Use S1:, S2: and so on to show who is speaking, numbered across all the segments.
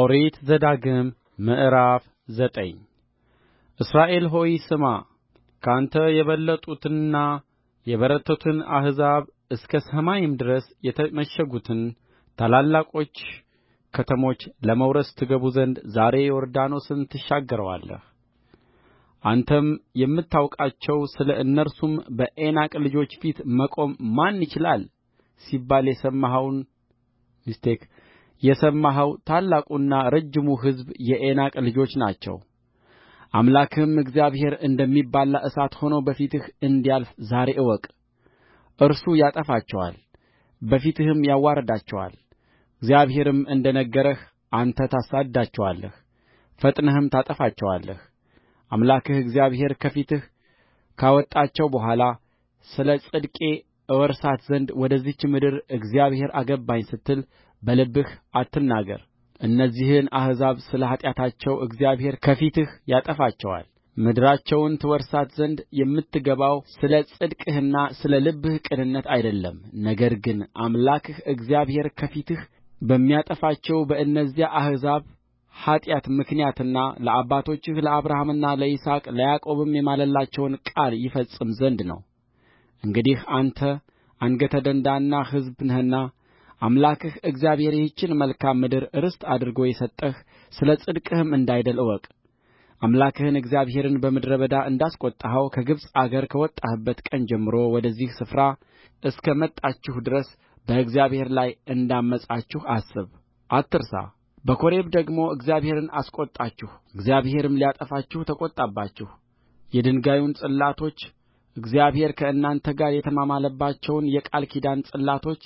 S1: ኦሪት ዘዳግም ምዕራፍ ዘጠኝ እስራኤል ሆይ ስማ ከአንተ የበለጡትንና የበረቱትን አሕዛብ እስከ ሰማይም ድረስ የተመሸጉትን ታላላቆች ከተሞች ለመውረስ ትገቡ ዘንድ ዛሬ ዮርዳኖስን ትሻገረዋለህ አንተም የምታውቃቸው ስለ እነርሱም በዔናቅ ልጆች ፊት መቆም ማን ይችላል ሲባል የሰማኸውን የሰማኸው ታላቁና ረጅሙ ሕዝብ የዔናቅ ልጆች ናቸው አምላክህም እግዚአብሔር እንደሚበላ እሳት ሆኖ በፊትህ እንዲያልፍ ዛሬ እወቅ እርሱ ያጠፋቸዋል በፊትህም ያዋርዳቸዋል እግዚአብሔርም እንደ ነገረህ አንተ ታሳድዳቸዋለህ ፈጥነህም ታጠፋቸዋለህ አምላክህ እግዚአብሔር ከፊትህ ካወጣቸው በኋላ ስለ ጽድቄ እወርሳት ዘንድ ወደዚች ምድር እግዚአብሔር አገባኝ ስትል በልብህ አትናገር እነዚህን አሕዛብ ስለ ኃጢአታቸው እግዚአብሔር ከፊትህ ያጠፋቸዋል ምድራቸውን ትወርሳት ዘንድ የምትገባው ስለ ጽድቅህና ስለ ልብህ ቅንነት አይደለም ነገር ግን አምላክህ እግዚአብሔር ከፊትህ በሚያጠፋቸው በእነዚያ አሕዛብ ኃጢአት ምክንያትና ለአባቶችህ ለአብርሃምና ለይስሐቅ ለያዕቆብም የማለላቸውን ቃል ይፈጽም ዘንድ ነው እንግዲህ አንተ አንገተ ደንዳና ሕዝብ ነህና አምላክህ እግዚአብሔር ይህችን መልካም ምድር ርስት አድርጎ የሰጠህ ስለ ጽድቅህም እንዳይደል እወቅአምላክህን እግዚአብሔርን በምድረ በዳ እንዳስቈጣኸው ከግብፅ አገር ከወጣህበት ቀን ጀምሮ ወደዚህ ስፍራ እስከ መጣችሁ ድረስ በእግዚአብሔር ላይ እንዳመፃችሁ አስብ አትርሳ በኮሬብ ደግሞ እግዚአብሔርን አስቈጣችሁ እግዚአብሔርም ሊያጠፋችሁ ተቈጣባችሁ የድንጋዩን ጽላቶች እግዚአብሔር ከእናንተ ጋር የተማማለባቸውን የቃል ኪዳን ጽላቶች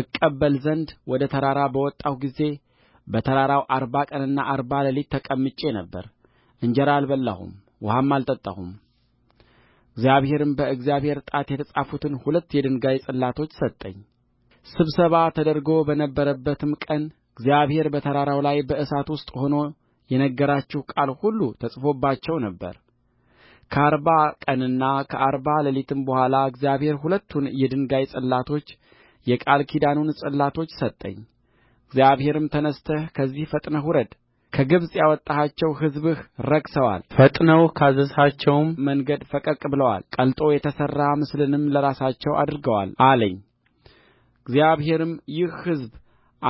S1: እቀበል ዘንድ ወደ ተራራ በወጣሁ ጊዜ በተራራው አርባ ቀንና አርባ ሌሊት ተቀምጬ ነበር እንጀራ አልበላሁም ውኃም አልጠጣሁም እግዚአብሔርም በእግዚአብሔር ጣት የተጻፉትን ሁለት የድንጋይ ጽላቶች ሰጠኝ ስብሰባ ተደርጎ በነበረበትም ቀን እግዚአብሔር በተራራው ላይ በእሳት ውስጥ ሆኖ የነገራችሁ ቃል ሁሉ ተጽፎባቸው ነበር ከአርባ ቀንና ከአርባ ሌሊትም በኋላ እግዚአብሔር ሁለቱን የድንጋይ ጽላቶች የቃል ኪዳኑን ጽላቶች እግዚአብሔርም ተነሥተህ ከዚህ ፈጥነህ ውረድ ከግብፅ ያወጣሃቸው ሕዝብህ ረክሰዋል ፈጥነው ካዘዝኋቸውም መንገድ ፈቀቅ ብለዋል ቀልጦ የተሠራ ምስልንም ለራሳቸው አድርገዋል አለኝእግዚአብሔርም ይህ ሕዝብ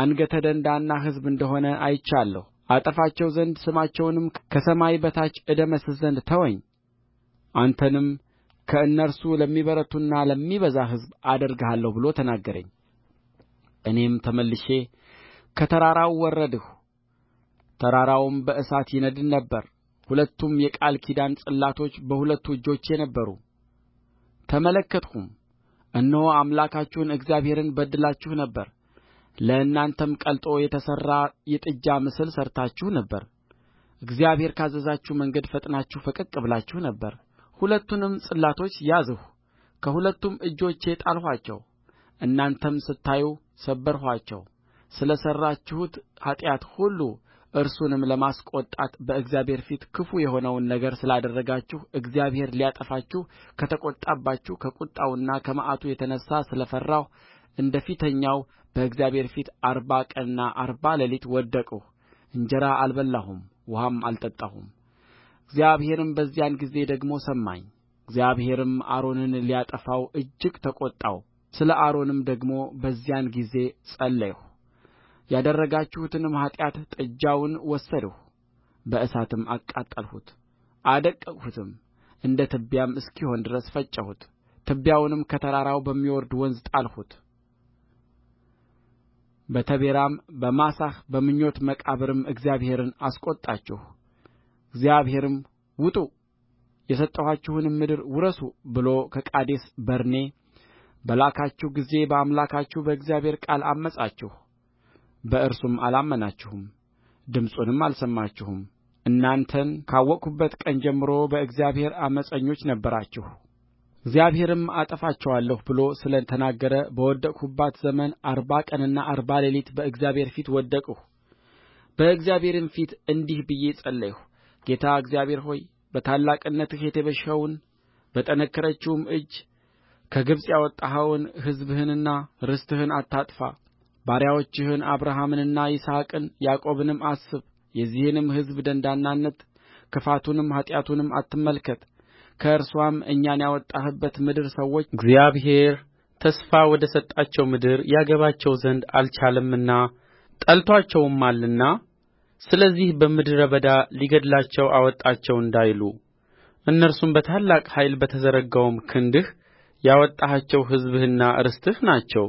S1: አንገተ ደንዳና ሕዝብ እንደሆነ አይቻለሁ አጠፋቸው ዘንድ ስማቸውንም ከሰማይ በታች እደመስስ ዘንድ ተወኝ አንተንም ከእነርሱ ለሚበረታና ለሚበዛ ሕዝብ አደርግሃለሁ ብሎ ተናገረኝ እኔም ተመልሼ ከተራራው ወረድሁ ተራራውም በእሳት ይነድድ ነበር ሁለቱም የቃል ኪዳን ጽላቶች በሁለቱ እጆቼ ነበሩ ተመለከትሁም እነሆ አምላካችሁን እግዚአብሔርን በድላችሁ ነበር ለእናንተም ቀልጦ የተሠራ የጥጃ ምስል ሠርታችሁ ነበር እግዚአብሔር ካዘዛችሁ መንገድ ፈጥናችሁ ፈቀቅ ብላችሁ ነበር ሁለቱንም ጽላቶች ያዝሁ ከሁለቱም እጆቼ ጣልኋቸው እናንተም ስታዩ ስለ ሠራችሁት ኃጢአት ሁሉ እርሱንም ለማስቈጣት በእግዚአብሔር ፊት ክፉ የሆነውን ነገር ስላደረጋችሁ እግዚአብሔር ሊያጠፋችሁ ከተቈጣባችሁ ከቍጣውና ከመዓቱ የተነሣ ስለ ፈራሁ እንደ ፊተኛው በእግዚአብሔር ፊት አርባ ቀንና አርባ ሌሊት ወደቅሁ እንጀራ አልበላሁም ውኃም አልጠጣሁም እግዚአብሔርም በዚያን ጊዜ ደግሞ ሰማኝ እግዚአብሔርም አሮንን ሊያጠፋው እጅግ ተቈጣው ስለ አሮንም ደግሞ በዚያን ጊዜ ጸለይሁ ያደረጋችሁትንም ኃጢአት ጥጃውን ወሰድሁ በእሳትም አቃጠልሁት አደቀቅሁትም እንደ ትቢያም እስኪሆን ድረስ ፈጨሁት ትቢያውንም ከተራራው በሚወርድ ወንዝ ጣልሁት በተቤራም በማሳህ በምኞት መቃብርም እግዚአብሔርን አስቈጣችሁ እግዚአብሔርም ውጡ የሰጠኋችሁንም ምድር ውረሱ ብሎ ከቃዴስ በርኔ በላካችሁ ጊዜ በአምላካችሁ በእግዚአብሔር ቃል ዐመፃችሁ በእርሱም አላመናችሁም ድምፁንም አልሰማችሁም እናንተን ካወቅሁበት ቀን ጀምሮ በእግዚአብሔር ዓመፀኞች እግዚአብሔርም አጠፋችኋለሁ ብሎ ስለ ተናገረ በወደቅሁባት ዘመን አርባ ቀንና አርባ ሌሊት በእግዚአብሔር ፊት ወደቅሁ በእግዚአብሔርም ፊት እንዲህ ብዬ ጸለይሁ ጌታ እግዚአብሔር ሆይ በታላቅነትህ የተቤዠኸውን በጠነከረችውም እጅ ከግብፅ ያወጣኸውን ሕዝብህንና ርስትህን አታጥፋ ባሪያዎችህን አብርሃምንና ይስሐቅን ያዕቆብንም አስብ የዚህንም ሕዝብ ደንዳንነት ክፋቱንም ኃጢአቱንም አትመልከት ከእርስዋም እኛን ያወጣህበት ምድር ሰዎች እግዚአብሔር ተስፋ ወደ ሰጣቸው ምድር ያገባቸው ዘንድ አልቻለምና ጠልቶአቸውማልና ስለዚህ በምድረ በዳ ሊገድላቸው አወጣቸው እንዳይሉ እነርሱም በታላቅ ኃይል በተዘረጋውም ክንድህ ያወጣሃቸው ሕዝብህና ርስትህ ናቸው